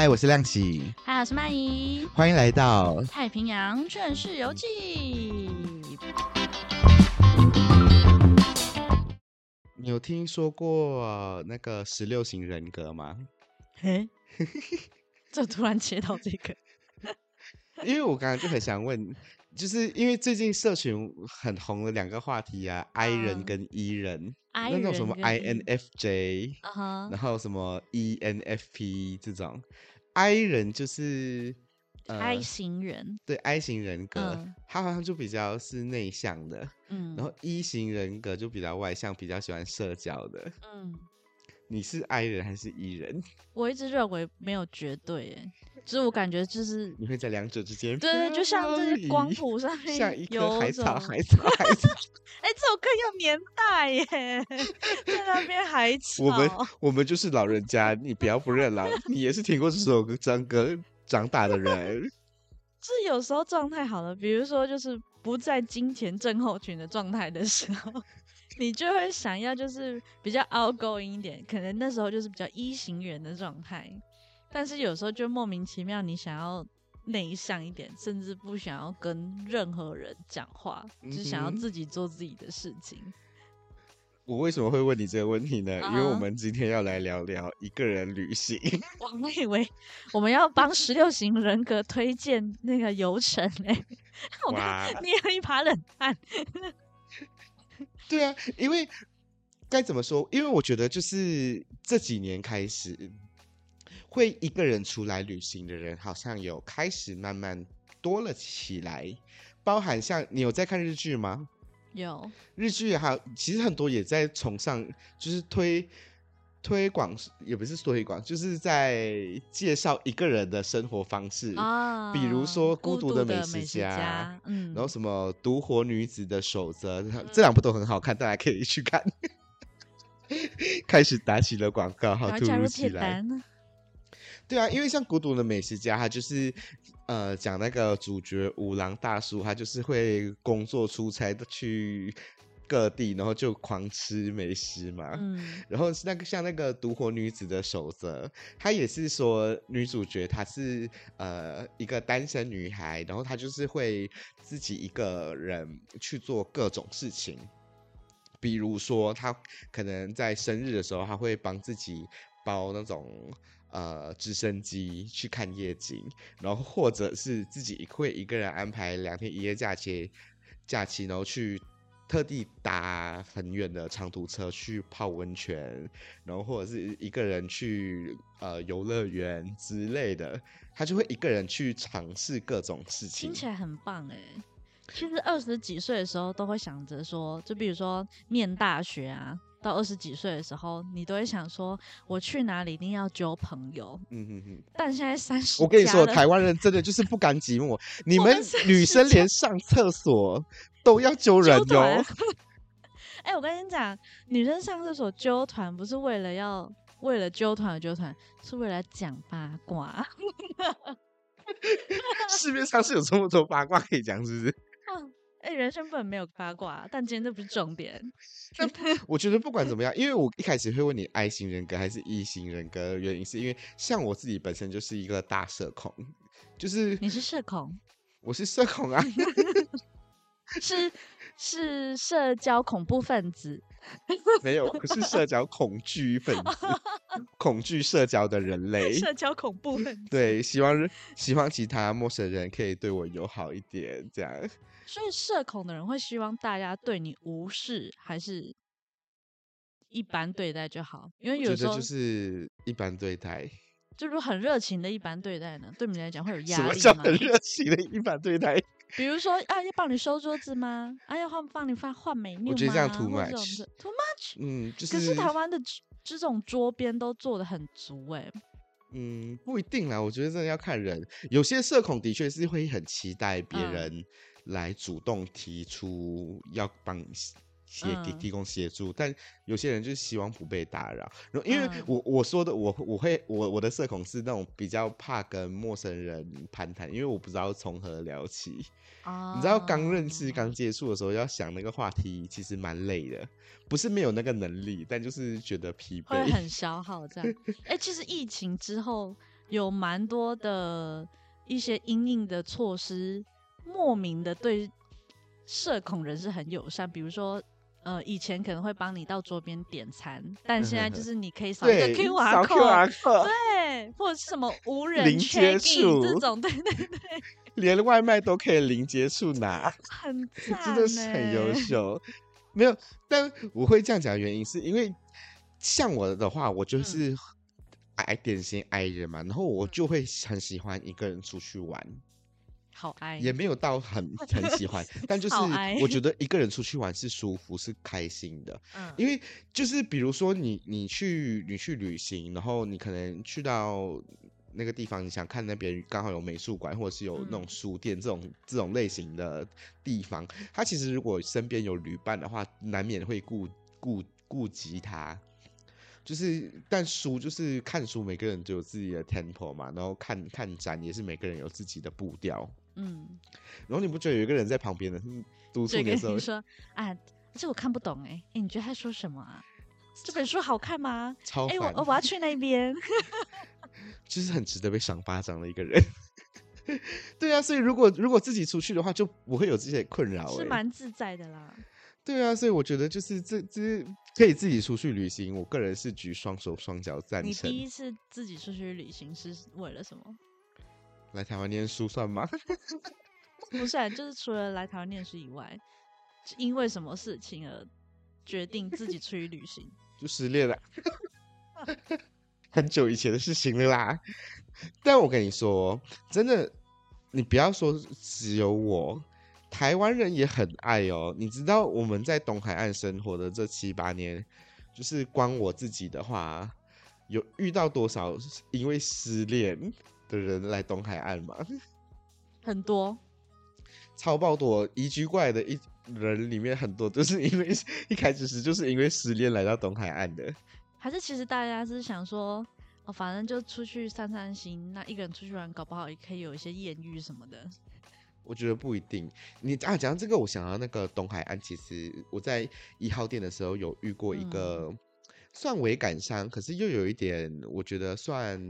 嗨，我是亮啟，嗨，我是曼怡，歡迎來到《太平洋勸世遊記》嗯。你有聽說過、呃、那個十六型人格嗎？嘿、欸、這 突然切到這個 因為我剛剛就很想問， 就是因為最近社群很紅的兩個話題啊，I、嗯、人跟 E 人，那種什麼 I N F J，然後什麼 E N F P 這種。I 人就是、呃、I 型人，對 I 型人格、嗯，他好像就比較是內向的，嗯，然後 E 型人格就比較外向，比較喜歡社交的，嗯，你是 I 人還是 E 人？我一直認為沒有絕對誒。其實我感覺就是你會在兩者之間，對對，就像這些光譜上面像一棵海草，海草， 海草。哎、 欸，這首歌有年代耶， 在那邊還，草。我們我們就是老人家，你不要不認老 你也是聽過這首歌，張哥長大的人。是 有時候狀態好了，比如說就是不在金錢症候群的狀態的時候，你就會想要就是比較 outgoing 一點，可能那時候就是比較一型人的狀態。但是有時候就莫名其妙，你想要內向一點，甚至不想要跟任何人講話，只、嗯、想要自己做自己的事情。我為什麼會問你這個問題呢？Uh -huh. 因為我們今天要來聊聊一個人旅行。我們以為我們要幫十六型人格推薦那個遊程哎我捏了一把冷汗。 對啊，因為該怎麼說？因為我覺得就是這幾年開始。會一個人出來旅行的人好像有開始慢慢多了起來，包含像你有在看日劇嗎？有日劇，還其實很多也在崇尚，就是推推廣，也不是推廣，就是在介紹一個人的生活方式啊，比如說《孤獨的美食家》食家。嗯，然後什麼《獨活女子的守則》。嗯，這兩部都很好看，大家可以去看。 開始打起了廣告，好突如其來。對啊，因為像《孤獨的美食家》，他就是，呃，講那個主角五郎大叔，他就是會工作出差去各地，然後就狂吃美食嘛。嗯。然後那個像那個《獨活女子的守則》，他也是說女主角她是呃一個單身女孩，然後她就是會自己一個人去做各種事情，比如說她可能在生日的時候，她會幫自己包那種。呃，直升機去看夜景，然後或者是自己會一個人安排兩天一夜假期，假期然後去特地搭很遠的長途車去泡溫泉，然後或者是一個人去呃遊樂園之類的，他就會一個人去嘗試各種事情，聽起來很棒哎。其實二十幾歲的時候都會想着說，就比如說念大學啊。到二十幾歲的時候，你都會想說，我去哪裡一定要揪朋友。嗯哼哼，但現在三十，我跟你說，台灣人真的就是不甘寂寞。 們，你們女生連上廁所都要揪人喲。哎、， 欸，我跟你講，女生上廁所揪團不是為了要為了揪團而揪團，是為了講八卦。市 面上是有這麼多八卦可以講，是不是？哎、欸，人生本沒有八卦，但今天這不是重點。 是 我覺得不管怎麼樣，因為我一開始會問你 I 型人格還是 E 型人格，原因是因為像我自己本身就是一個大社恐，就是你是社恐，我是社恐啊， 是是社交恐怖分子。 沒有，是社交恐懼分子，恐懼社交的人類， 社交恐怖分子，對希，希望其他陌生人可以對我友好一點，這樣。所以社恐的人會希望大家對你無視，還是一般對待就好？因為有時候就是一般對待，就是很熱情的一般對待呢？對你來講會有壓力嗎？什麼叫很熱情的一般對待？比如說啊，要幫你收桌子嗎？啊，要幫幫你畫畫眉嗎？我覺得這樣 too much，too much。Too much? 嗯、就是，可是台灣的這種桌邊都做的很足哎、欸。嗯，不一定啦，我覺得真的要看人，有些社恐的確是會很期待別人來主動提出要幫你。協給提供協助，但有些人就是希望不被打擾。然後，因為我我說的，我我會我我的社恐是那種比較怕跟陌生人攀談，因為我不知道從何聊起。啊、哦，你知道剛認識、剛接觸的時候，要想那個話題，其實蠻累的。不是沒有那個能力，但就是覺得疲憊，會很消耗這樣。哎、 欸，其實疫情之後，有蠻多的一些因應的措施，莫名的對社恐人是很友善，比如說。呃，以前可能會幫你到桌邊點餐，但現在就是你可以掃個 QR、嗯、QR code，對，或者是什麼無人零接觸，這種，對對對，連外賣都可以零接觸拿，很、欸，真的是很優秀。沒有，但我會這樣講的原因是因為像我的話，我就是愛點心愛人嘛、嗯，然後我就會很喜歡一個人出去玩。好，也沒有到很很喜歡， 但就是我覺得一個人出去玩是舒服是開心的、嗯，因為就是比如說你你去你去旅行，然後你可能去到那個地方，你想看那邊剛好有美術館或者是有那種書店、嗯、這種這種類型的地方，他其實如果身邊有旅伴的話，難免會顧顧顧及他，就是但書就是看書，每個人都有自己的 tempo 嘛，然後看看展也是每個人有自己的步調。嗯，然後你不覺得有一個人在旁邊的是督促的，欸、你說啊，這我看不懂哎、欸、哎、欸，你覺得他說什麼啊？這本書好看嗎？超哎、欸，我我要去那邊， 就是很值得被賞巴掌的一個人。 對啊，所以如果如果自己出去的話，就不會有這些困擾，欸，是蠻自在的啦。對啊，所以我覺得就是這這，就是可以自己出去旅行。我個人是舉雙手雙腳贊成。你第一次自己出去旅行是為了什麼？來台灣念書算嗎？ 不是啊，就是除了來台灣念書以外，因為什麼事情而決定自己出去旅行？ 就失戀戀了， 很久以前的事情了啦。 但我跟你說，真的，你不要說只有我，台灣人也很愛哦。你知道我們在東海岸生活的這七八年，就是光我自己的話，有遇到多少因為失戀？的人來東海岸嘛，很多，超暴多移居怪的，一人裡面很多都、就是因為一開始時就是因為失戀來到東海岸的，還是其實大家是想說，哦，反正就出去散散心，那一個人出去玩，搞不好也可以有一些豔遇什麼的。我覺得不一定，你啊講這個，我想到那個東海岸，其實我在一號店的時候有遇過一個算偽感傷、嗯，可是又有一點，我覺得算。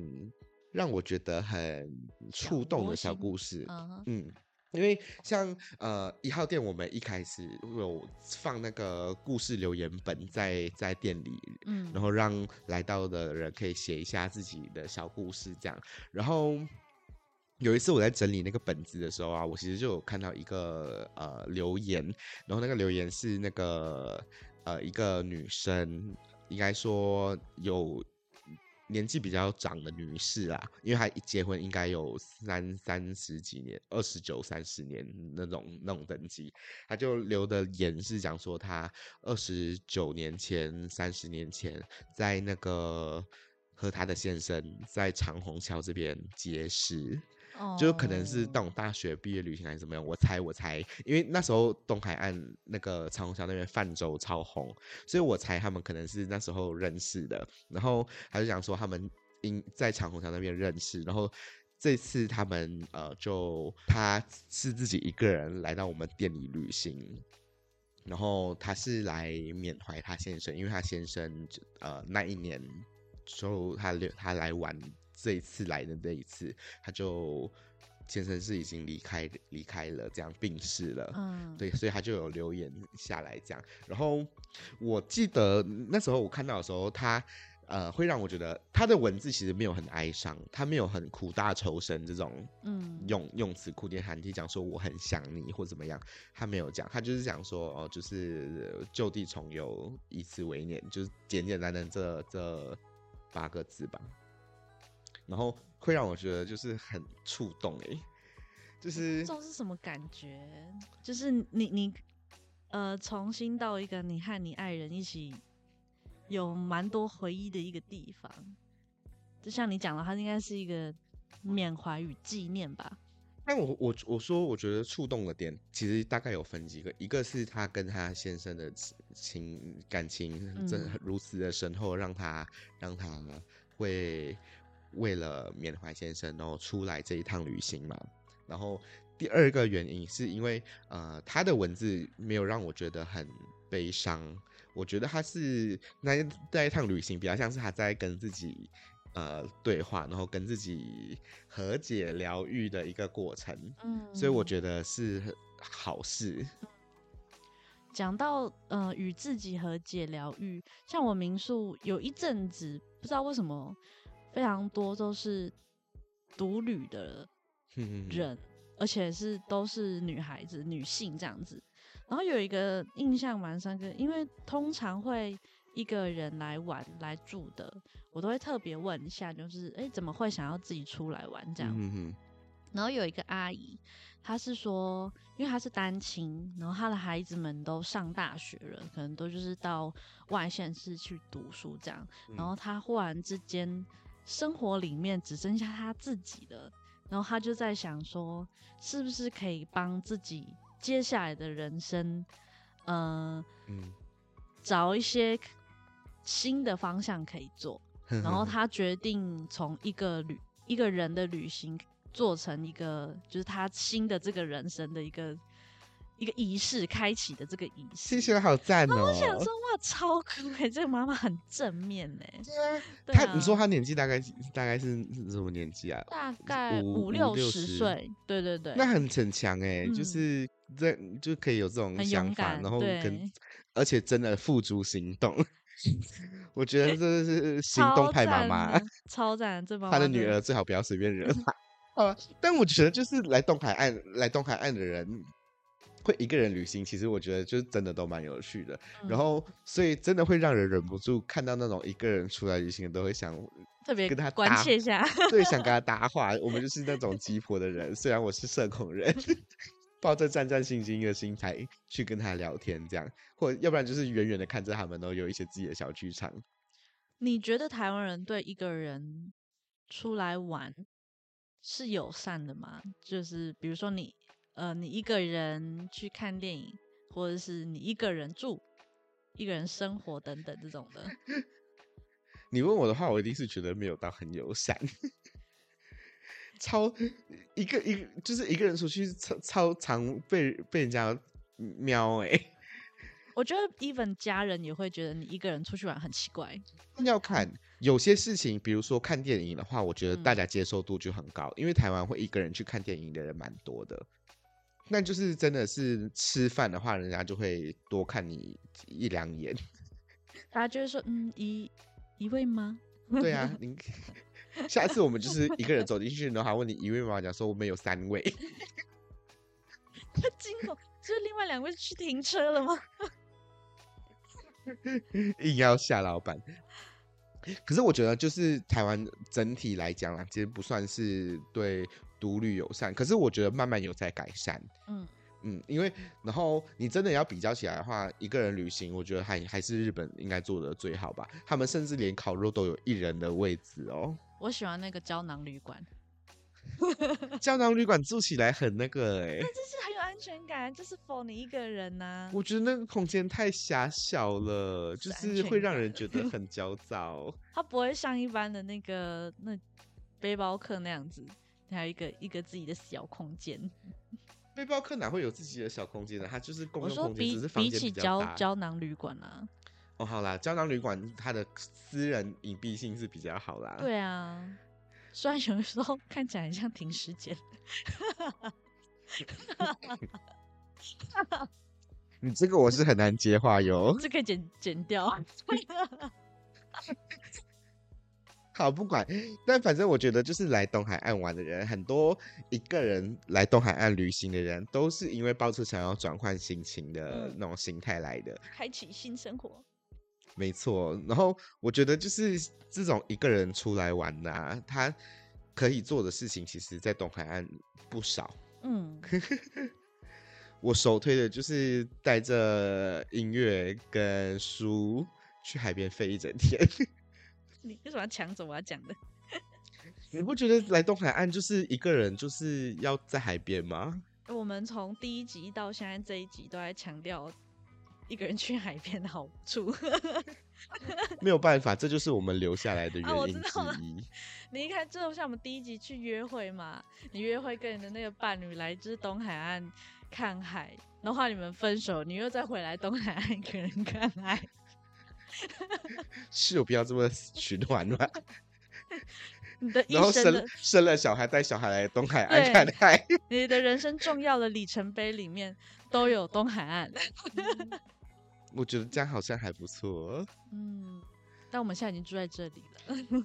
讓我覺得很觸動的小故事，Yeah, okay. Uh-huh. 嗯，因為像呃一號店，我們一開始有放那個故事留言本在在店裡，Uh-huh. 然後讓來到的人可以寫一下自己的小故事這樣。然後有一次我在整理那個本子的時候啊，我其實就有看到一個呃留言，然後那個留言是那個呃一個女生，應該說有。年紀比較長的女士啦，因為她一結婚應該有三三十幾年，二十九三十年那種那種等級，她就留的言是講說，她二十九年前、三十年前在那個和她的先生在長虹橋這邊結識。就可能是到大學畢業旅行還是怎麼樣，oh. 我猜我猜，因為那時候東海岸那個長虹橋那邊泛舟超紅，所以我猜他們可能是那時候認識的。然後他就想說他們應在長虹橋那邊認識，然後這次他們呃，就他是自己一個人來到我們店裡旅行，然後他是來緬懷他先生，因為他先生呃那一年就他他來玩。這一次來的這一次，他就先生是已經離開離開了，這樣，病逝了。嗯，對，所以他就有留言下來這樣，然後我記得那時候我看到的時候，他呃，會讓我覺得他的文字其實沒有很哀傷，他沒有很苦大仇深這種用，嗯，用用詞哭天喊地講說我很想你或怎麼樣，他沒有講，他就是講說哦，就是舊地重遊，以此為念，就是簡簡單單這這八個字吧。然後會讓我覺得就是很觸動哎，就是這種是什麼感覺？就是你你呃，重新到一個你和你愛人一起有蠻多回憶的一個地方，就像你講的，他應該是一個緬懷與紀念吧。嗯、但我我我說，我覺得觸動的點其實大概有分幾個，一個是他跟他先生的情感情真的如此的深厚，嗯、讓他讓他會。為了緬懷先生、哦，然後出來這一趟旅行嘛。然後第二個原因是因為，呃，他的文字沒有讓我覺得很悲傷。我覺得他是那一那一趟旅行比較像是他在跟自己，呃，對話，然後跟自己和解、療癒的一個過程。嗯，所以我覺得是好事。講、嗯、到呃，與自己和解、療癒，像我民宿有一陣子，不知道為什麼。非常多都是獨旅的人哼哼，而且是都是女孩子、女性這樣子。然後有一個印象蠻深刻的，因為通常會一個人來玩、來住的，我都會特別問一下，就是哎、欸，怎麼會想要自己出來玩這樣、嗯哼哼？然後有一個阿姨，她是說，因為她是單親，然後她的孩子們都上大學了，可能都就是到外縣市去讀書這樣。嗯、然後她忽然之間。生活裡面只剩下他自己的，然後他就在想說，是不是可以幫自己接下來的人生、呃，嗯，找一些新的方向可以做。然後他決定從一個旅 一個人的旅行，做成一個就是他新的這個人生的一個一個儀式開啟的這個儀式，聽起來、喔，好讚哦。超可愛，這個媽媽很正面哎。她、啊啊、你說她年紀大概大概是什麼年紀啊？大概五六十歲。十歲對對對，那很逞強哎、嗯，就是在就，就可以有這種想法，然後跟對而且真的付諸行動。 我覺得這是行動派媽媽，超贊，超讚這媽媽。她的女兒最好不要隨便惹她 好了，但我覺得就是來東海岸來東海岸的人。會一個人旅行，其實我覺得就是真的都蠻有趣的、嗯。然後，所以真的會讓人忍不住看到那種一個人出來旅行都會想特別跟他關切一下， 對，想跟他搭話。 我們就是那種雞婆的人，雖然我是社恐人， 抱着戰戰兢兢的心態去跟他聊天，這樣，或者要不然就是遠遠的看着，他們都有一些自己的小劇場。你覺得台灣人對一個人出來玩是友善的嗎？就是比如說你。呃，你一個人去看電影，或者是你一個人住、一個人生活等等這種的。你問我的話，我一定是覺得沒有到很友善，超一個一就是一個人出去超超常被被人家喵誒、欸。我覺得 even 家人也會覺得你一個人出去玩很奇怪。要看有些事情，比如說看電影的話，我覺得大家接受度就很高，嗯、因為台灣會一個人去看電影的人蠻多的。那就是真的是吃飯的話，人家就會多看你一兩眼。他就是說，嗯，一一位嗎？對啊，你下次我們就是一個人走進去，然後他、oh、問你一位嗎？講說我們有三位。他驚恐，就是，是另外兩位去停車了嗎？ 硬要嚇老板。可是我覺得，就是台灣整體來講啊，其實不算是對。獨旅友善，可是我覺得慢慢有在改善。嗯嗯，因為然後你真的要比較起來的話，嗯、一個人旅行，我覺得還還是日本應該做得最好吧。他們甚至連烤肉都有一人的位置哦、喔。我喜歡那個膠囊旅館，膠 囊旅館住起來很那個哎、欸，但就是很有安全感，就是 for 你一個人吶、啊。我覺得那個空間太狹小了，就是會讓人覺得很焦躁。哎、他不會像一般的那個那背包客那樣子。還有一個一個自己的小空間，背包客哪會有自己的小空間呢、啊？他就是公用空間，只是比起膠膠囊旅館啦、啊。哦，好啦，膠囊旅館它的私人隱蔽性是比較好啦。對啊，雖然有的時候看起來很像停屍間。 你這個我是很難接話喲。 這個可以剪剪掉。 好，不管，但反正我覺得，就是來東海岸玩的人很多，一個人來東海岸旅行的人，都是因為抱着想要轉換心情的那種心態來的，嗯、開啟新生活。沒錯，然後我覺得就是這種一個人出來玩吶、啊，他可以做的事情，其實在東海岸不少。嗯， 我首推的就是帶着音樂跟書去海邊廢一整天。你為什麼要搶走我要講的？你不覺得來東海岸就是一個人，就是要在海邊嗎？ 我們從第一集到現在這一集都在強調一個人去海邊的好處 。沒有辦法，這就是我們留下來的原因、啊我知道。你看，就像我們第一集去約會嘛，你約會跟你的那個伴侶來自東海岸看海，然後你們分手，你又再回來東海岸一個人看海。 是有必要這麼取暖暖， 你的一生 然後生 生了小孩，帶小孩來東海岸看海。 你的人生重要的里程碑裡面都有東海岸。 我覺得這樣好像還不錯。 嗯，但我們現在已經住在這裡了。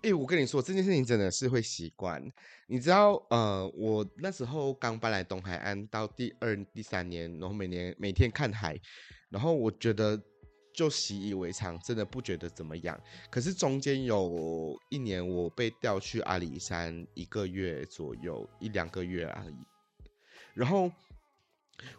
哎、 欸，我跟你說，這件事情真的是會習慣。你知道，呃，我那時候剛搬來東海岸，到第二、第三年，然後每年每天看海，然後我覺得。就習以為常，真的不覺得怎麼樣。可是中間有一年，我被調去阿里山一個月左右，一兩個月而已。然後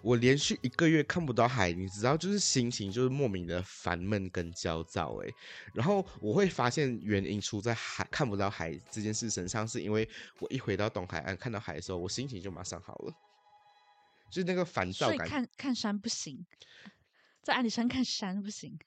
我連續一個月看不到海，你知道，就是心情就是莫名的煩悶跟焦躁哎、欸。然後我會發現原因出在海，看不到海這件事身上，是因為我一回到東海岸看到海的時候，我心情就馬上好了。就是那個煩躁感，看看山不行。在阿里山看山不行，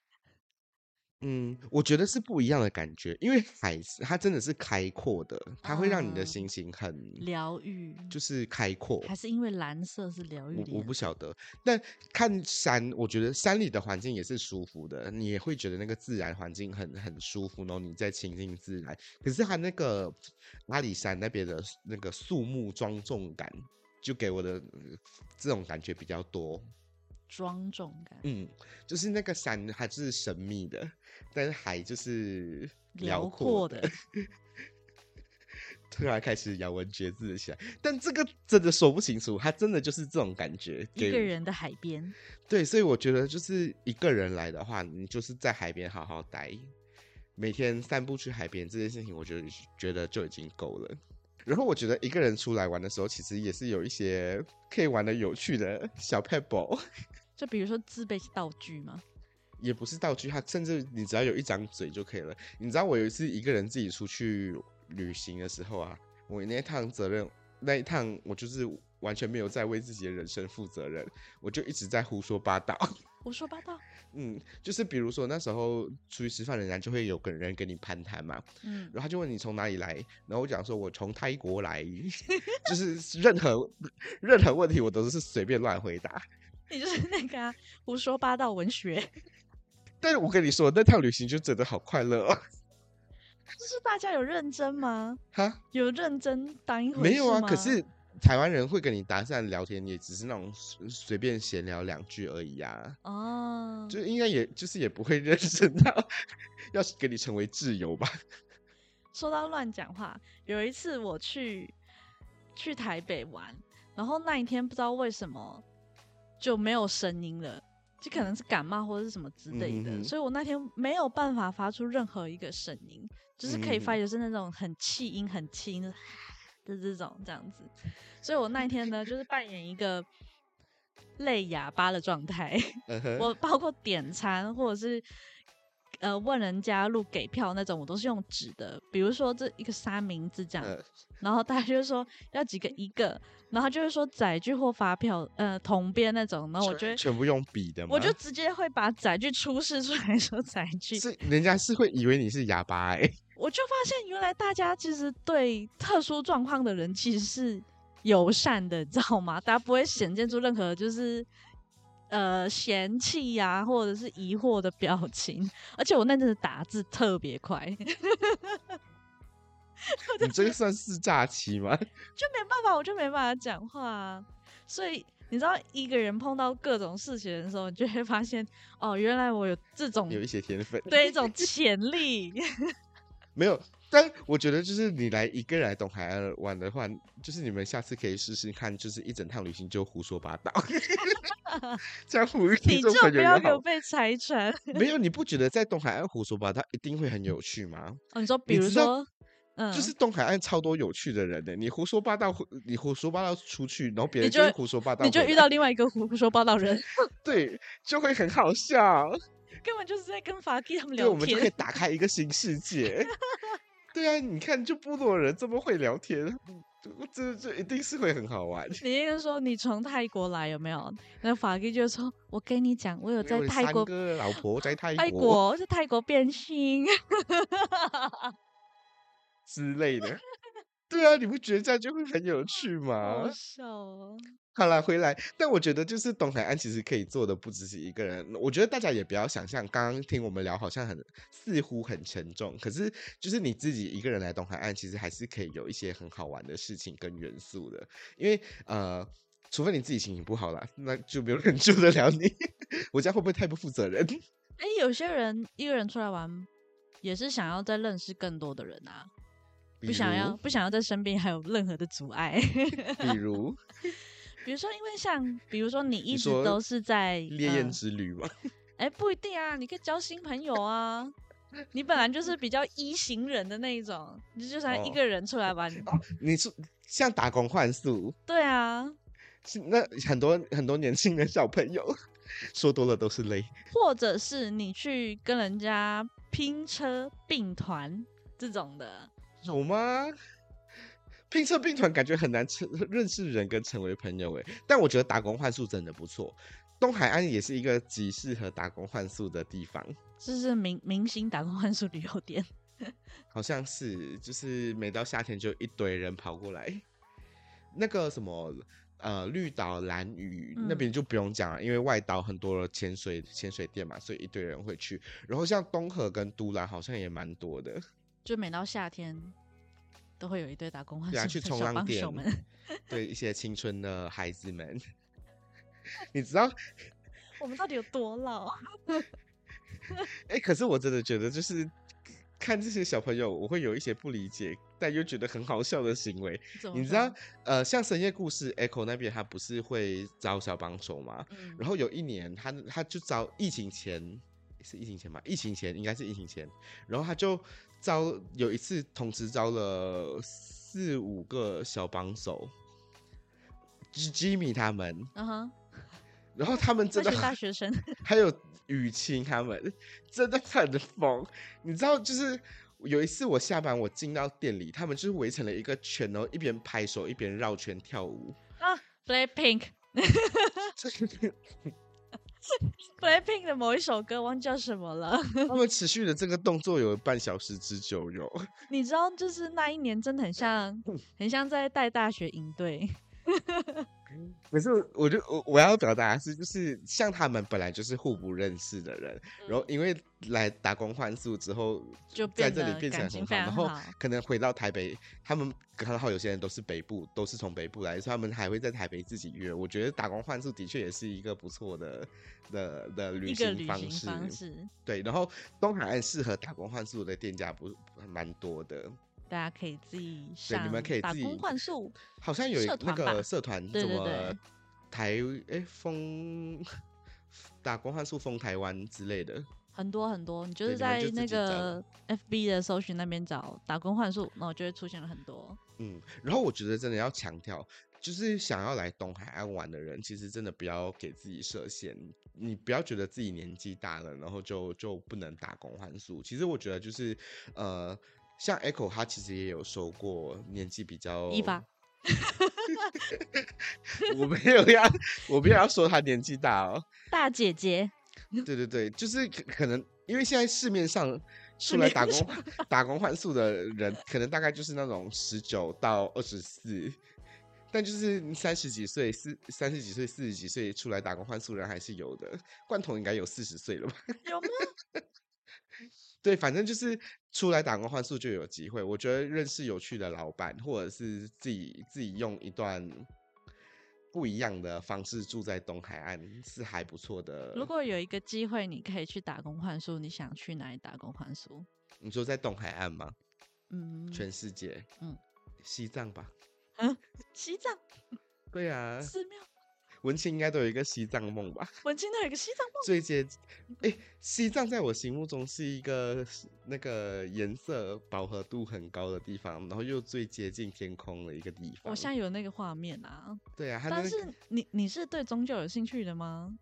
嗯，我覺得是不一樣的感覺，因為海它真的是開闊的，它會讓你的心情很療癒、嗯，就是開闊。還是因為藍色是療癒的？我不曉得。但看山，我覺得山裡的環境也是舒服的，你也會覺得那個自然環境很很舒服、哦。然後你在親近自然，可是它那個阿里山那邊的那個樹木莊重感，就給我的、嗯、這種感覺比較多。莊重感，嗯，就是那個山還是神秘的，但是海就是遼闊的。遼闊的 突然開始咬文嚼字起來，但這個真的說不清楚，它真的就是這種感覺。一個人的海邊，對，所以我覺得就是一個人來的話，你就是在海邊好好待，每天散步去海邊這件事情，我覺得覺得就已經夠了。然後我覺得一個人出來玩的時候，其實也是有一些可以玩的有趣的小 pebble。就比如說自備道具嗎？也不是道具，他甚至你只要有一張嘴就可以了。你知道我有一次一個人自己出去旅行的時候啊，我那一趟責任，那一趟我就是完全沒有在為自己的人生負責任，我就一直在胡說八道。胡說八道？嗯，就是比如說那時候出去吃飯，人家就會有個人跟你攀談嘛，嗯，然後他就問你從哪裡來，然後我講說我從泰國來，就是任何 任何問題我都是隨便亂回答。你就是那個、啊、胡說八道文學。但是我跟你說，那趟旅行就真的好快樂哦。就是大家有認真嗎？哈，有認真當一回事嗎？沒有啊。可是台灣人會跟你搭訕聊天，也只是那種隨便閒聊兩句而已啊。哦，就應該也就是也不會認真到要跟你成為摯友吧。說到亂講話，有一次我去去台北玩，然後那一天不知道為什麼。就沒有聲音了，就可能是感冒或者是什麼之類的、嗯，所以我那天沒有辦法發出任何一個聲音、嗯，就是可以發，就是那種很氣音很輕的、嗯、的這種這樣子。所以我那天呢，就是扮演一個類啞巴的狀態、嗯，我包括點餐或者是。呃，問人家錄給票那種，我都是用紙的。比如說這一個三明治這樣，呃、然後大家就會說要幾個一個，然後就是說載具或發票，呃，同編那種。然後我覺得全部用筆的嘛，我就直接會把載具出示出來說載具。是人家是會以為你是啞巴哎、欸。我就發現原來大家其實對特殊狀況的人其實是友善的，你知道嗎？大家不會顯現出任何就是。呃，嫌棄呀、啊，或者是疑惑的表情，而且我那陣子打字特別快。 你這個算是假期嗎？ 就沒辦法，我就沒辦法講話啊。所以你知道，一個人碰到各種事情的時候，你就會發現，哦，原來我有這種有一些天分，對一種潛力。 沒有，但我覺得就是你來一個人來東海岸玩的話，就是你們下次可以試試看，就是一整趟旅行就胡說八道，這 樣你就不要被拆穿。沒有，你不覺得在東海岸胡說八道一定會很有趣嗎？哦，你說，比如說，嗯，就是東海岸超多有趣的人的，欸，你胡說八道，你胡說八道出去，然後別人也胡說八道你，你就遇到另外一個胡說八道人， 對，就會很好笑。根本就是在跟法基他們聊天，我們就可以打開一個新世界。 對啊，你看就部落人這麼會聊天，這這一定是會很好玩。你應該說你從泰國來有沒有？那法基就說：“我跟你講，我有在泰國，有個老婆在泰泰國，泰國，是泰國變性 之類的。”對啊，你不覺得這樣就會很有趣嗎？好笑哦。好啦，回來。但我覺得，就是東海岸其實可以做的不只是一個人。我覺得大家也不要想象，剛剛聽我們聊，好像很似乎很沉重。可是，就是你自己一個人來東海岸，其實還是可以有一些很好玩的事情跟元素的。因為，呃，除非你自己心情不好啦，那就沒有人救得了你。 我家會不會太不負責任？哎、欸，有些人一個人出來玩，也是想要再認識更多的人啊，不想要不想要在身邊還有任何的阻礙， 比如。比如說，因為像比如說，你一直都是在烈焰之旅嘛？哎、呃，不一定啊，你可以交新朋友啊。 你本來就是比較一行人的那一種，你就算一個人出來玩，哦，你是，哦、像打工換宿？對啊，是那很多很多年輕的小朋友，說多了都是淚。或者是你去跟人家拼車、併團這種的，有嗎？拼車、拼團感覺很難成認識人跟成為朋友哎，但我覺得打工換宿真的不錯。東海岸也是一個極適合打工換宿的地方，就是明明星打工換宿旅遊點， 好像是，就是每到夏天就一堆人跑過來。那個什麼呃，綠島蘭嶼那邊就不用講了，因為外島很多潛水潛水店嘛，所以一堆人會去。然後像東河跟都蘭好像也蠻多的，就每到夏天。都會有一堆打工，對啊，是是去衝浪點，對。一些青春的孩子們， 你知道我們到底有多老？哎、 欸，可是我真的覺得，就是看這些小朋友，我會有一些不理解，但又覺得很好笑的行為。你知道，呃，像深夜故事 Echo 那邊，他不是會招小幫手嘛、嗯？然後有一年他，他他就招，疫情前。是疫情前吧？疫情前應該是疫情前，然後他就招，有一次同時招了四五個小幫手，Jimmy 他們，uh -huh. 然後他們真的大學生，還有雨晴他們，真的很瘋！ 你知道，就是有一次我下班我進到店裡，他們就是圍成了一個圈，然後一邊拍手一邊繞圈跳舞。啊、uh,，Blackpink。 BLACKPINK 的某一首歌，忘記叫什麼了。他們持續的這個動作有半小時之久喲 。你知道，就是那一年，真的很像，很像在帶大學營隊。 可是我，我就我我要表達的是，就是像他們本來就是互不認識的人，嗯、然後因為來打工換宿之後，在這裡變成很好，非常好，然後可能回到台北，他們剛好有些人都是北部，都是從北部來，所以他們還會在台北自己約。我覺得打工換宿的確也是一個不錯的的的旅行，旅行方式。對，然後東海岸適合打工換宿的店家不是蠻多的。大家可以自己想對，你們可以打工換宿，好像有一個社團什、那個、麼對對對，颱風、欸、打工換宿風台灣之類的，很多很多。你就是在那個 FB 的搜尋那邊找打工換宿，然後就會出現了很多。嗯，然後我覺得真的要強調，就是想要來東海岸玩的人，其實真的不要給自己設限，你不要覺得自己年紀大了，然後就就不能打工換宿。其實我覺得就是呃。像 Echo，她其實也有說過，年紀比較，一 吧。我沒有呀，我不要說他年紀大哦。大姐姐。對對對，就是可可能，因為現在市面上出來打工、 打工換宿的人，可能大概就是那種十九到二十四。但就是三十幾歲、四三十幾歲、四十幾歲出來打工換宿的人還是有的。罐頭應該有四十歲了吧？有嗎？對，反正就是出來打工換宿就有機會。我覺得認識有趣的老板，或者是自己自己用一段不一樣的方式住在東海岸是還不錯的。如果有一個機會，你可以去打工換宿，你想去哪裡打工換宿？你說在東海岸嗎？嗯，全世界，嗯，西藏吧。嗯、啊，西藏。對啊，文青應該都有一個西藏夢吧？文青都有一個西藏夢，最接，誒、欸，西藏在我心目中是一個那個顏色飽和度很高的地方，然後又最接近天空的一個地方。我現在有那個畫面啊。對啊，那個、但是你你是對宗教有興趣的嗎？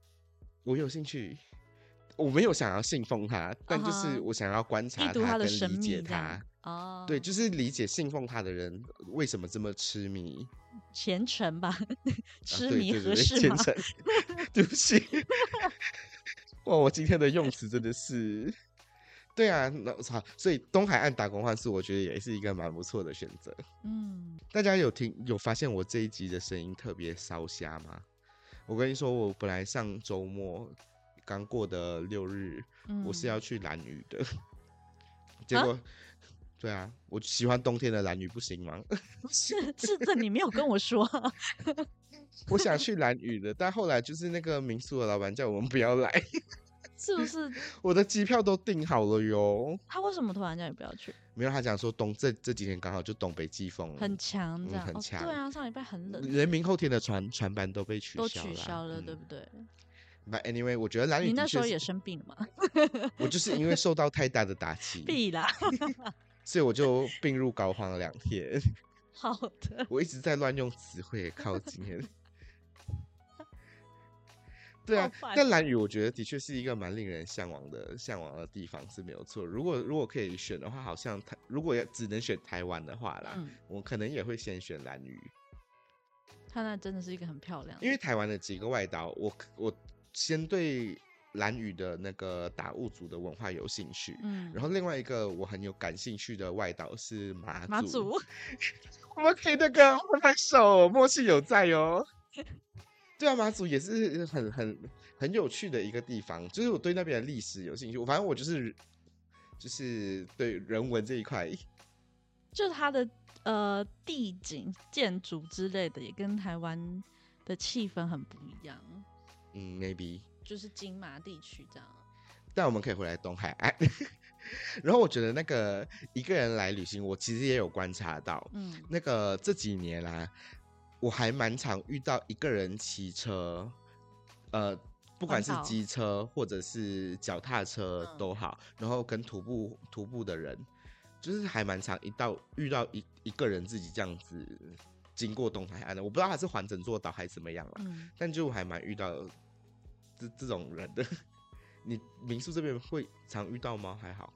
我有興趣。我沒有想要信奉他，uh -huh, 但就是我想要觀察他跟理解他。哦，oh. 對，就是理解信奉他的人為什麼這麼痴迷。虔誠吧， 痴迷合適嗎？虔誠，對不起。 哇，我今天的用詞真的是…… 對啊，那我操！所以東海岸打工換宿，我覺得也是一個蠻不錯的選擇。嗯，大家有聽有發現我這一集的聲音特別燒瞎嗎？我跟你說，我本來上周末。剛過的六日，嗯，我是要去蘭嶼的，結果，對啊，我喜歡冬天的蘭嶼，不行嗎？ 是是的，你沒有跟我說，啊。 我想去蘭嶼的，但後來就是那個民宿的老闆叫我們不要來， 是不是？我的機票都訂好了喲。他為什麼突然叫你不要去？沒有，他講說冬這這幾天剛好就東北季風很強，的，嗯、很強，哦。對啊，上禮拜很冷，連明後天的船船班都被取消了，都取消了，嗯，對不對？But、anyway，我覺得蘭嶼。你那時候也生病了嗎？ 我就是因為受到太大的打擊，病了， 所以我就病入膏肓了兩天。 好的。我一直在亂用詞彙，靠近。 對啊，但蘭嶼我覺得的確是一個蠻令人向往的、向往的地方是沒有錯。如果如果可以選的話，好像台如果要只能選台灣的話啦、嗯，我可能也會先選蘭嶼。他那真的是一個很漂亮。因為台灣的幾個外島，我我。先對蘭嶼的那個達悟族的文化有興趣，嗯，然後另外一個我很有感興趣的外島是馬祖，我們可以那個我拍、那個、手，默契有在喲、哦。 對啊，馬祖也是很很很有趣的一個地方，就是我對那邊的歷史有興趣，反正我就是就是對人文這一塊，就是它的呃地景建築之類的，也跟台灣的氣氛很不一樣。嗯，maybe 就是金馬地區這樣，但我們可以回來東海岸。 然後我覺得那個一個人來旅行，我其實也有觀察到，嗯，那個這幾年啦、啊，我還蠻常遇到一個人騎車，呃，不管是機車或者是腳踏車都好、嗯，然後跟徒步徒步的人，就是還蠻常一到遇到一一個人自己這樣子。經過東海岸的，我不知道他是環整座島還是怎麼樣了、嗯，但就還蠻遇到這這種人的。你民宿這邊會常遇到嗎？還好，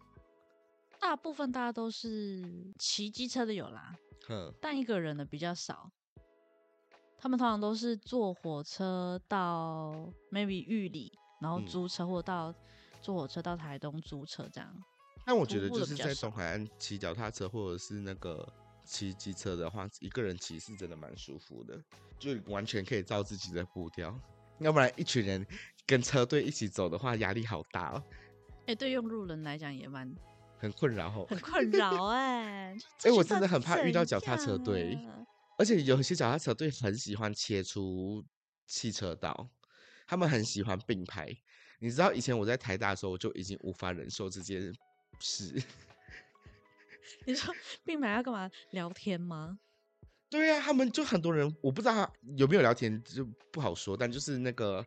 大部分大家都是騎機車的有啦，嗯，但一個人的比較少。他們通常都是坐火車到 maybe 玉里，然後租車或到、嗯、坐火車到台東租車這樣。但我覺得就是在東海岸騎腳踏車或者是那個。騎機車的話，一個人騎是真的蠻舒服的，就完全可以照自己的步調。要不然一群人跟車隊一起走的話，壓力好大哦。哎、欸，對，用路人來講也蠻很困擾、哦，很困擾哎、欸 欸。我真的很怕遇到腳踏車隊、啊，而且有些腳踏車隊很喜歡切出汽車道，他們很喜歡並排。你知道，以前我在台大的時候，我就已經無法忍受這件事。你說並排要幹嘛，聊天嗎？ 對呀、啊，他們就很多人，我不知道他有沒有聊天，就不好說。但就是那個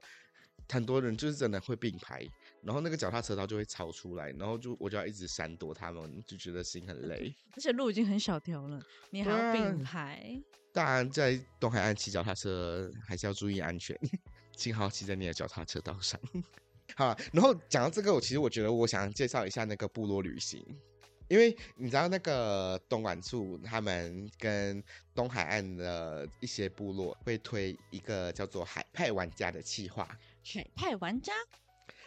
很多人就是真的會並排，然後那個腳踏車道就會超出來，然後就我就要一直閃躲他們，就覺得心很累。 而且路已經很小條了，你還要並排？當然，在東海岸騎腳踏車還是要注意安全， 幸好騎在你的腳踏車道上。 好，然後講到這個，我其實我覺得我想介紹一下那個部落旅行。因為你知道那個東管處，他們跟東海岸的一些部落會推一個叫做海派玩家的企劃。海派玩家？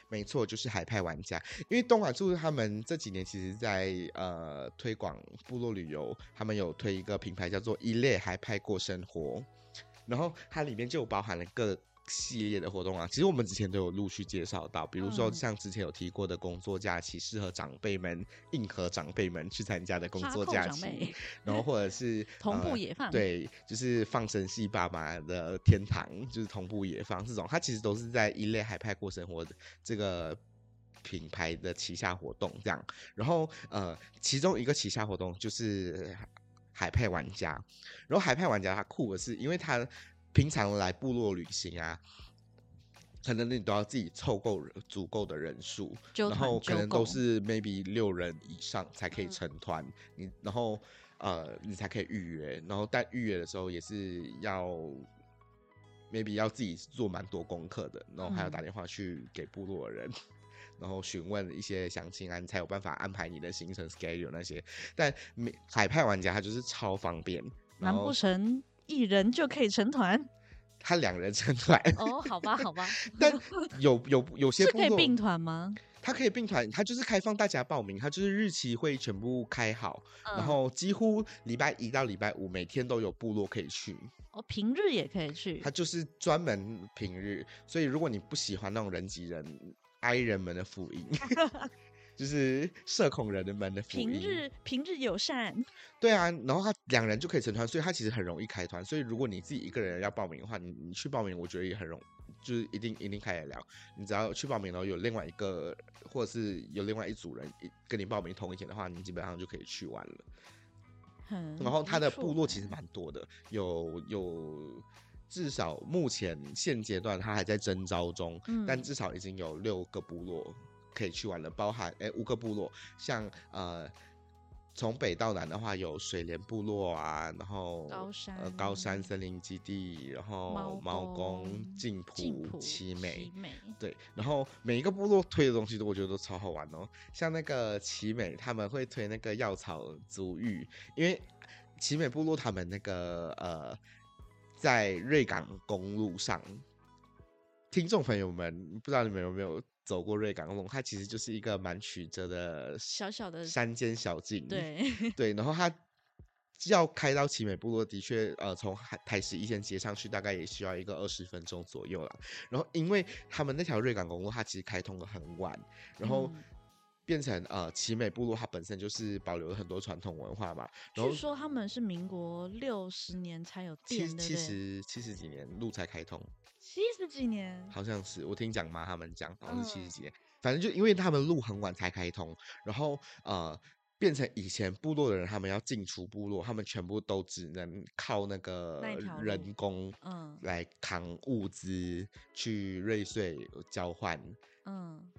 沒錯，就是海派玩家。因為東管處他們這幾年其實在呃推廣部落旅遊，他們有推一個品牌叫做“一列海派過生活”，然後它裡面就包含了各。系列的活動啊，其實我們之前都有陸續介紹到，比如說像之前有提過的工作假期，嗯、適合長輩們硬核長輩們去參加的工作假期，然後或者是同步野放、呃，對，就是放生系爸媽的天堂，就是同步野放這種，它其實都是在一類海派過生活的這個品牌的旗下活動這樣。然後呃，其中一個旗下活動就是海派玩家，然後海派玩家它酷的是因為它。平常來部落旅行啊，可能你都要自己湊夠足夠的人數，然後可能都是 maybe 六人以上才可以成團，嗯，你然後呃你才可以預約，然後但預約的時候也是要 maybe 要自己做蠻多功課的，然後還要打電話去給部落的人，嗯、 然後詢問一些詳情啊，你才有辦法安排你的行程 schedule 那些。但海派玩家他就是超方便，難不成？一人就可以成團，他兩人成團哦，好吧，好吧， 但有有有些是可以併團嗎？他可以併團，他就是開放大家報名，他就是日期會全部開好，嗯，然後幾乎禮拜一到禮拜五每天都有部落可以去，哦，平日也可以去，他就是專門平日，所以如果你不喜歡那種人擠人 i 人們的福音。 就是社恐人們的福音。平日平日友善，對啊，然後他兩人就可以成團，所以他其實很容易開團。所以如果你自己一個人要報名的話，你你去報名，我覺得也很容易，就是一定一定開得了。你只要去報名了，然後有另外一個或者是有另外一組人跟你報名同一天的話，你基本上就可以去玩了。然後他的部落其實蠻多的，嗯、有有至少目前現階段他還在徵召中，嗯、但至少已經有六個部落。可以去玩的，包含誒五個部落，像呃從北到南的話，有水璉部落啊，然後高山呃高山森林基地，然後貓公、靜浦、奇美，對，然後每一個部落推的東西都我覺得都超好玩哦，像那個奇美他們會推那個藥草足浴，因為奇美部落他們那個呃在瑞港公路上，聽眾朋友們不知道你們有沒有。走過瑞港公路，它其實就是一個蠻曲折的小,小小的山間小徑。對對，然後它要開到奇美部落，的確，呃，從台台十一線接上去，大概也需要一個二十分鐘左右了。然後，因為他們那條瑞港公路它其實開通的很晚，然後變成呃奇美部落它本身就是保留了很多傳統文化嘛。據說他們是民國六十年才有七七十七十幾年路才開通。七十幾年，好像是我聽講嘛，他們講好像是七十幾年，嗯、反正就因為他們路很晚才開通，然後呃，變成以前部落的人，他們要進出部落，他們全部都只能靠那個人工嗯來扛物資、嗯、去瑞穗交換嗯，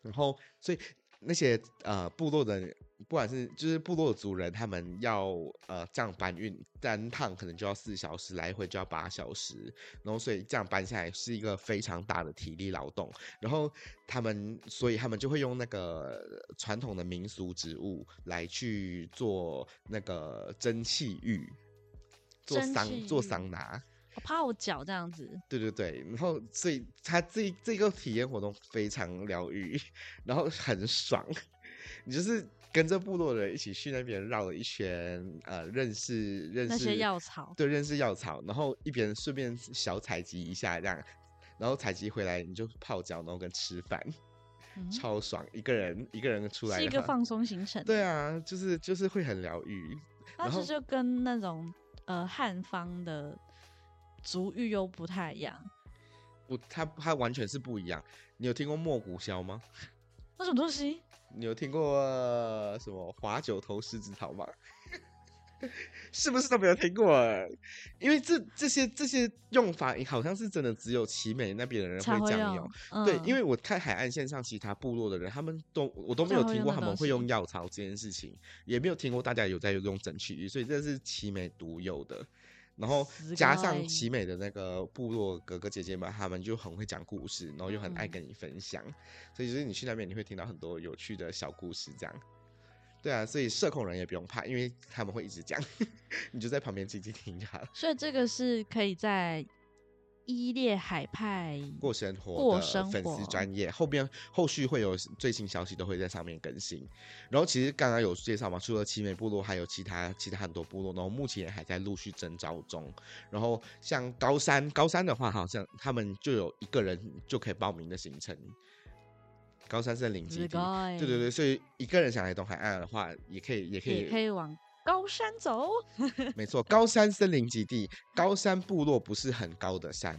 然後所以那些呃部落的人。不管是就是部落族人，他們要呃這樣搬運單趟可能就要四小時，來回就要八小時，然後所以這樣搬下來是一個非常大的體力勞動。然後他們，所以他們就會用那個傳統的民俗植物來去做那個蒸汽浴，做桑蒸做桑拿泡腳這樣子。對對對，然後所以他這這個體驗活動非常療癒，然後很爽， 你就是。跟着部落的人一起去那邊繞了一圈，呃，認識認識那些藥草，對，認識藥草，然後一邊順便小採集一下，這樣，然後採集回來你就泡腳，然後跟吃飯、嗯，超爽。一個人一個人出來是一個放鬆行程，對啊，就是就是會很療癒。但是就跟那種呃漢方的足浴又不太一樣，不，它它完全是不一樣。你有聽過冇骨消嗎？那種東西。你有聽過什麼“華九頭獅子草”嗎？？ 是不是都沒有聽過，啊？因為這這些這些用法，好像是真的只有奇美那邊的人會講用，嗯。對，因為我看海岸線上其他部落的人，他們都我都沒有聽過他們會用藥草這，這件事情，也沒有聽過大家有在用整起魚，所以這是奇美獨有的。然後加上奇美的那個部落哥哥姐姐們，他們就很會講故事，然後又很愛跟你分享、嗯，所以就是你去那邊你會聽到很多有趣的小故事，這樣，對啊，所以社恐人也不用怕，因為他們會一直講， 你就在旁邊靜靜聽一下。所以這個是可以在。伊列海派過生活、過粉絲專頁，後邊後續會有最新消息都會在上面更新。然後其實剛剛有介紹嘛，除了奇美部落，還有其他其他很多部落，然後目前還在陸續徵招中。然後像高山，高山的話，好像他們就有一個人就可以報名的行程。高山森林基地，對對對，所以一個人想來東海岸的話，也可以，也可以，可以往。高山走， 沒錯，高山森林基地，高山部落不是很高的山，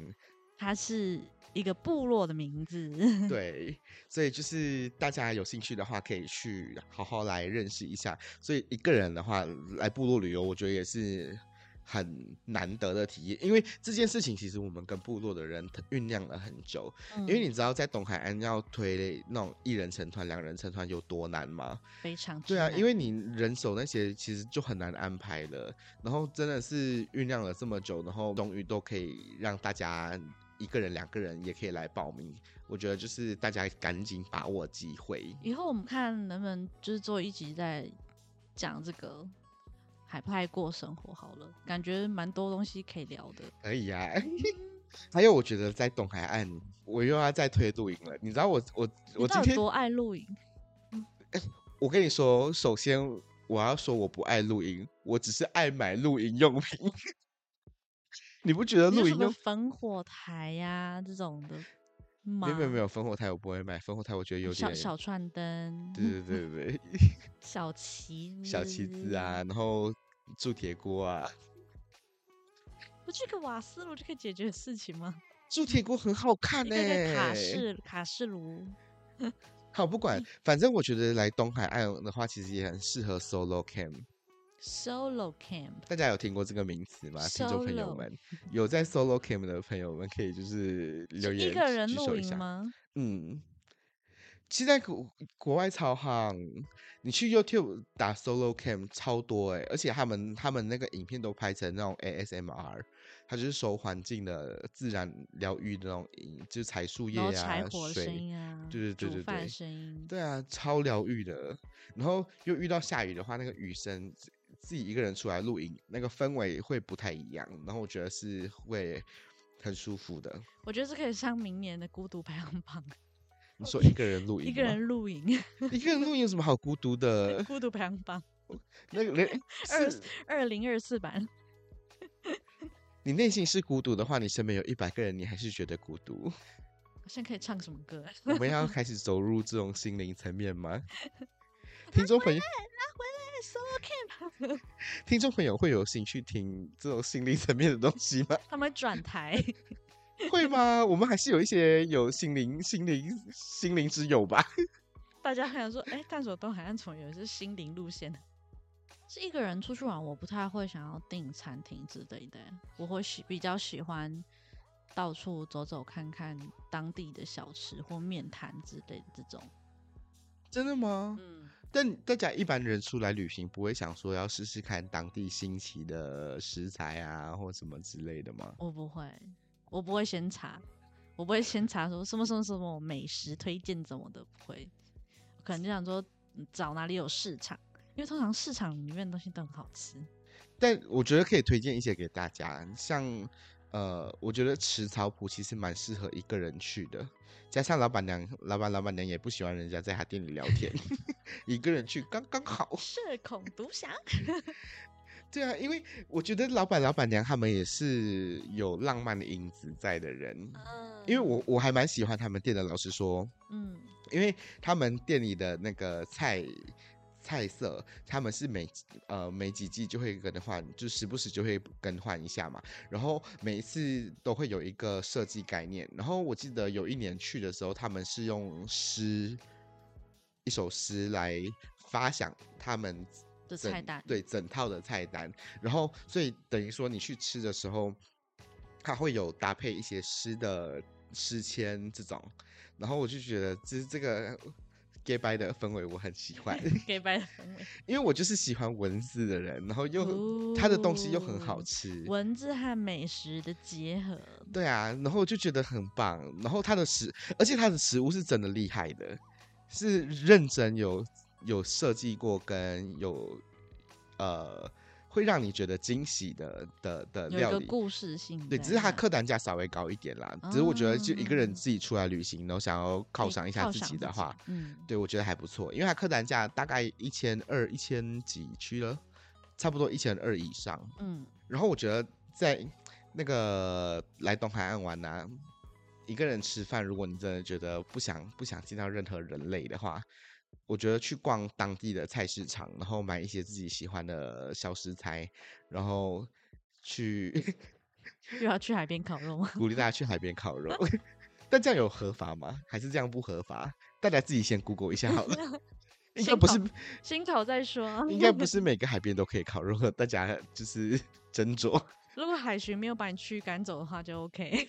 它是一個部落的名字， 對，所以就是大家有興趣的話，可以去好好來認識一下。所以一個人的話來部落旅遊，我覺得也是很難得的體驗，因為這件事情其實我們跟部落的人醞釀了很久、嗯，因為你知道在東海岸要推那種一人成團、兩人成團有多難嗎？非常之，對啊，因為你人手那些其實就很難安排了，嗯、然後真的是醞釀了這麼久，然後終於都可以讓大家一個人、兩個人也可以來報名。我覺得就是大家趕緊把握機會，以後我們看能不能就是做一集在講這個。海派過生活好了，感覺蠻多東西可以聊的。可以呀、啊，還 有我覺得在東海岸，我又要再推露營了。你知道我我我今天多愛露營，欸，我跟你說，首先我要說我不愛露營，我只是愛買露營用， 用品。你不覺得露營有焚火台呀、啊、這種的。沒有沒有沒有，烽火台我不會買，烽火台我覺得有點。小小串燈。對對對對 小旗，小旗子啊，然後鑄鐵鍋啊。不，這個瓦斯爐就可以解決事情嗎？鑄鐵鍋很好看嘞、欸。對卡式卡式爐。 好，不管，反正我覺得來東海岸的話，其實也很適合 solo cam。Solo Camp，大家有聽過這個名詞嗎？Solo、聽眾朋友們，有在 Solo Camp 的朋友們可以就是留言一個人舉手一下嗎？嗯，其實在國國外超夯，你去 YouTube 打 Solo Camp 超多哎、欸，而且他們他們那個影片都拍成那種 ASMR，它就是收環境的自然療癒那種，就採樹葉呀、水音啊，對對對對對，聲音，對啊，超療癒的。然後又遇到下雨的話，那個雨聲。自己一個人出來露營，那個氛圍會不太一樣，然後我覺得是會很舒服的。我覺得是可以上明年的孤獨排行榜。你說一個人露營，Okay，一個人露營，一個人露營有什麼好孤獨的？ 孤獨排行榜，那個 二二零二四版。 你內心是孤獨的話，你身邊有一百個人，你還是覺得孤獨。我現在可以唱什麼歌？ 我們要開始走入這種心靈層面嗎？聽眾朋友。So okay. 聽眾朋友會有興趣聽這種心靈層面的東西嗎？ 他們會轉台 會嗎？我們還是有一些有心靈、心靈、心靈之友吧。 大家還想說，哎、欸，探索東海岸從一是心靈路線是一個人出去玩，我不太會想要訂餐廳之類的，我會喜比較喜歡到處走走看看當地的小吃或麵攤之類的這種。真的嗎？嗯。但大家一般人出來旅行不會想說要試試看當地新奇的食材啊，或什麼之類的嗎？我不會，我不會先查，我不會先查說什麼什麼什麼美食推薦怎麼的，不會，我可能就想說找哪裡有市場，因為通常市場裡面的東西都很好吃。但我覺得可以推薦一些給大家，像。呃，我覺得池草鋪其實蠻適合一個人去的，加上老板娘、老板、老板娘也不喜歡人家在他店裡聊天， 一個人去剛剛好，社恐獨享。對啊，因為我覺得老板、老板娘他們也是有浪漫的因子在的人，嗯，因為我我還蠻喜歡他們店的，老實說，嗯，因為他們店裡的那個菜。菜色，他們是每呃每幾季就會更換，就時不時就會更換一下嘛。然後每一次都會有一個設計概念。然後我記得有一年去的時候，他們是用詩一首詩來發想他們的、就是、菜單，對整套的菜單。然後所以等於說你去吃的時候，它會有搭配一些詩的詩籤這種。然後我就覺得其實這個。gay by 的氛圍我很喜歡 gay by 的氛圍，因為我就是喜歡文字的人，然後又、哦、他的東西又很好吃，文字和美食的結合，對啊，然後就覺得很棒，然後他的食，而且他的食物是真的厲害的，是認真有有設計過跟有呃。會讓你覺得驚喜的的的、的料理，故事性對、嗯，只是它客單價稍微高一點啦。嗯、只是我覺得，就一個人自己出來旅行，然、嗯、後想要犒賞一下自己的話，欸、嗯，對我覺得還不錯，因為它客單價大概一千二、一千幾去了，差不多一千二以上。嗯，然後我覺得在那個來東海岸玩呢、啊嗯，一個人吃飯，如果你真的覺得不想不想見到任何人類的話。我覺得去逛當地的菜市場，然後買一些自己喜歡的小食材，然後去。又要去海邊烤肉嗎？鼓勵大家去海邊烤肉， 但這樣有合法嗎？還是這樣不合法？大家自己先 Google 一下好了。 應該不是，先烤再說。 應該不是每個海邊都可以烤肉，大家就是斟酌。如果海巡沒有把你驅趕走的話，就 OK。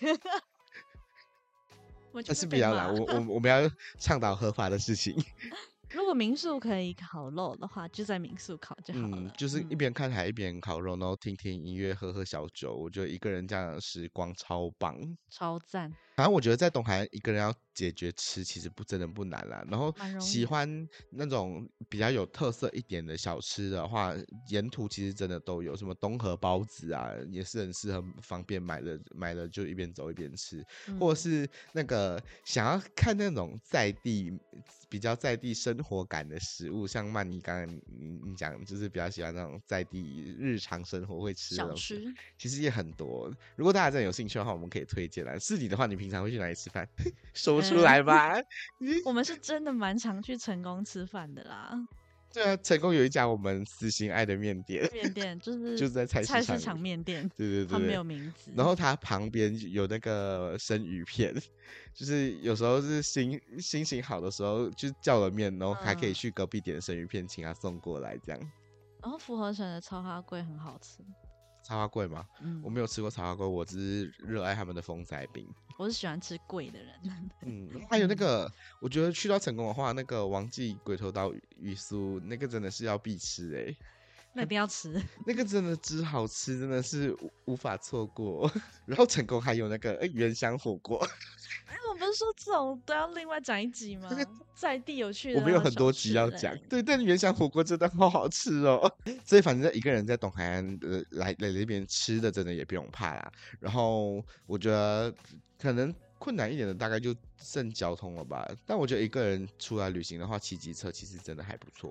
那 是比較難。 我我我們要倡導合法的事情。如果民宿可以烤肉的話，就在民宿烤就好了。嗯，就是一邊看海一邊烤肉，然後聽聽音樂，喝喝小酒，我覺得一個人這樣的時光超棒，超讚。啊、反正我覺得在東海一個人要。解決吃其實不真的不難啦，然後喜歡那種比較有特色一點的小吃的話，沿途其實真的都有，什麼東河包子啊，也是很適合方便買的買的就一邊走一邊吃，嗯，或者是那個想要看那種在地比較在地生活感的食物，像曼妮剛剛你你講，就是比較喜歡那種在地日常生活會吃的小吃，其實也很多。如果大家真的有興趣的話，我們可以推薦啦。是你的話，你平常會去哪裡吃飯？ 收。出來吧、嗯！ 我們是真的蠻常去成功吃飯的啦。對啊，成功有一家我們私心愛的麵店，麵店就是 就是在菜菜市場麵店。對對對，他沒有名字。然後他旁邊有那個生魚片，就是有時候是心心情好的時候，就叫了麵，然後還可以去隔壁點生魚片，嗯、請他送過來這樣。然後福和成的超花貴很好吃。茶花粿嗎？嗯，我沒有吃過茶花粿，我只是熱愛他們的風采餅。我是喜歡吃貴的人、啊。嗯，還有那個，我覺得去到成功的話，那個王記鬼頭刀魚，魚酥，那個真的是要必吃哎、欸。那必要吃，那個真的只好吃，真的是無，無法錯過。 然後成功還有那個、欸、原香火鍋。 就是、說這種都要另外講一集嗎？在地有趣我們有很多集要講、欸。對，但原想火鍋真的好好吃哦、喔，所以反正一個人在東海岸、呃、來來來這邊吃的，真的也不用怕啦。然後我覺得可能困難一點的，大概就剩交通了吧。但我覺得一個人出來旅行的話，騎機車其實真的還不錯。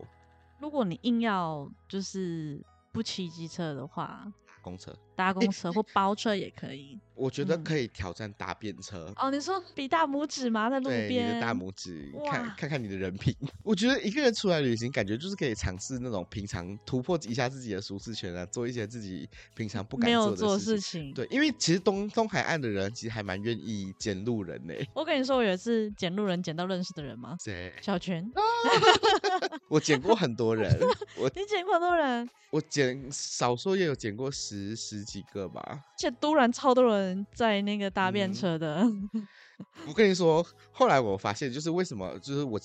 如果你硬要就是不騎機車的話，公車搭公車或包車也可以。欸 我覺得可以挑戰搭便車、嗯、哦，你說比大拇指嗎？在路邊，你的大拇指，看，看看你的人品。 我覺得一個人出來旅行，感覺就是可以嘗試那種平常突破一下自己的舒適圈啊，做一些自己平常不敢做的事情沒有做事情。對，因為其實東東海岸的人其實還蠻願意撿路人呢、欸。我跟你說，我有一次撿路人，撿到認識的人嗎？誰？小泉。哦、 我撿過很多人， 你撿過很多人，我撿少說也有撿過十十幾個吧，而且突然超多人。在那個搭便車的、嗯，我跟你說，後來我發現，就是為什麼，就是我，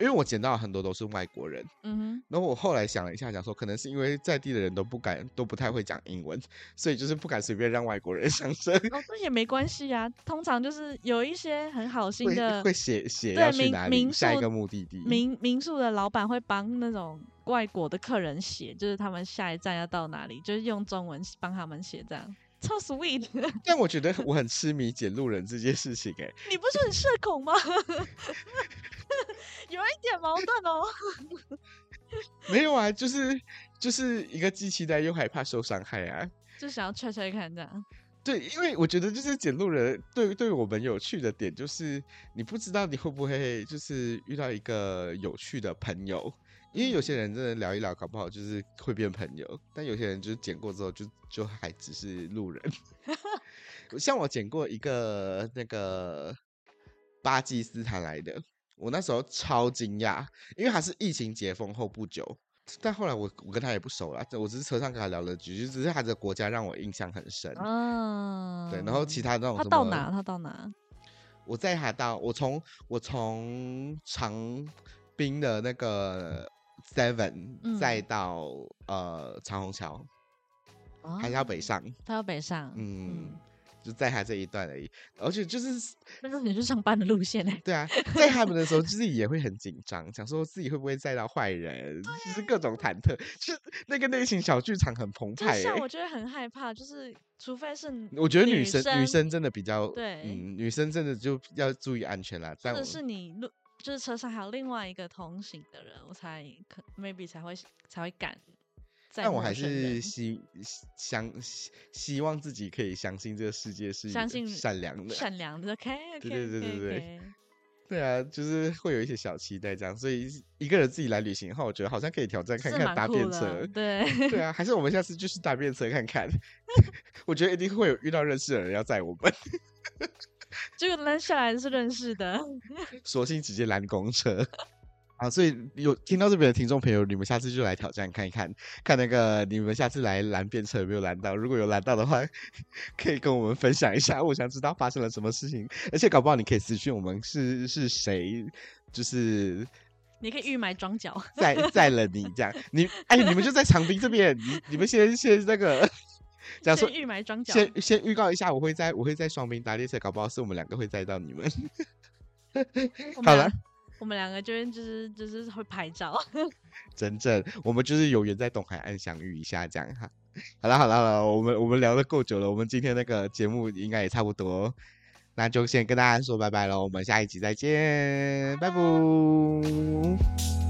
因為我撿到很多都是外國人，嗯，然後我後來想了一下，講說，可能是因為在地的人都不敢，都不太會講英文，所以就是不敢隨便讓外國人上車。那、哦、也沒關係呀、啊，通常就是有一些很好心的，會寫寫要去哪裡，下一個目的地，民民宿的老闆會幫那種外國的客人寫，就是他們下一站要到哪裡，就是用中文幫他們寫這樣。超、so、sweet， 但我覺得我很痴迷撿路人這件事情誒、欸。你不是很社恐嗎？ 有一點矛盾哦 。沒有啊，就是就是一個既期待又害怕受傷害啊。就想要 try try 看這樣。對，因為我覺得就是撿路人對對我們有趣的點，就是你不知道你會不會就是遇到一個有趣的朋友。因為有些人真的聊一聊，搞不好就是會變朋友，但有些人就是撿過之後就，就就還只是路人。 像我撿過一個那個巴基斯坦來的，我那時候超驚訝，因為他是疫情解封後不久，但後來我我跟他也不熟了，我只是車上跟他聊了幾句，就只是他的國家讓我印象很深。啊、嗯，對，然後其他那種他到哪，他到哪，他到哪？我在海道，我從我從長濱的那個。Seven，再、嗯、到呃長虹橋、哦，還要北上，他要北上嗯，嗯，就在他這一段而已。而且就是那時候你是上班的路線，欸、對啊，在他們的時候， 自己也會很緊張，想說自己會不會載到壞人，就是各種忐忑，就是那個內心小劇場很澎湃，欸，就像我覺得很害怕，就是除非是我覺得女生女生真的比較對，嗯，女生真的就要注意安全了，但是你就是車上還有另外一個同行的人，我才可 maybe 才會才會敢。但我還是希相希望自己可以相信這個世界是相信善良的善良的。Okay, OK 對對對對對。Okay. 對啊，就是會有一些小期待這樣，所以一個人自己來旅行後，我覺得好像可以挑戰看看搭便車。對對啊，還是我們下次就是搭便車看看， 我覺得一定會有遇到認識的人要載我們。這個攔下來是認識的， 索性直接攔公車啊！所以有聽到這邊的聽眾朋友，你們下次就來挑戰看一看，看那個你們下次來攔便車有沒有攔到？如果有攔到的話，可以跟我們分享一下，我想知道發生了什麼事情。而且搞不好你可以私訊我們是，是是誰？就是你可以預埋樁腳，載，載了你這樣，你哎、欸，你們就在長濱這邊，你你們先先那個。這樣說預埋裝甲，先預先，先預告一下我，我會在我會在雙濱打列車，搞不好是我們兩個會載到你們。 們好了，我們兩個就是就是就是會拍照。 真正，我們就是有緣在東海岸相遇一下，這樣哈。好了好了好了，我們我們聊得夠久了，我們今天那個節目應該也差不多哦，那就先跟大家說拜拜囉，我們下一集再見，拜拜。拜拜拜拜。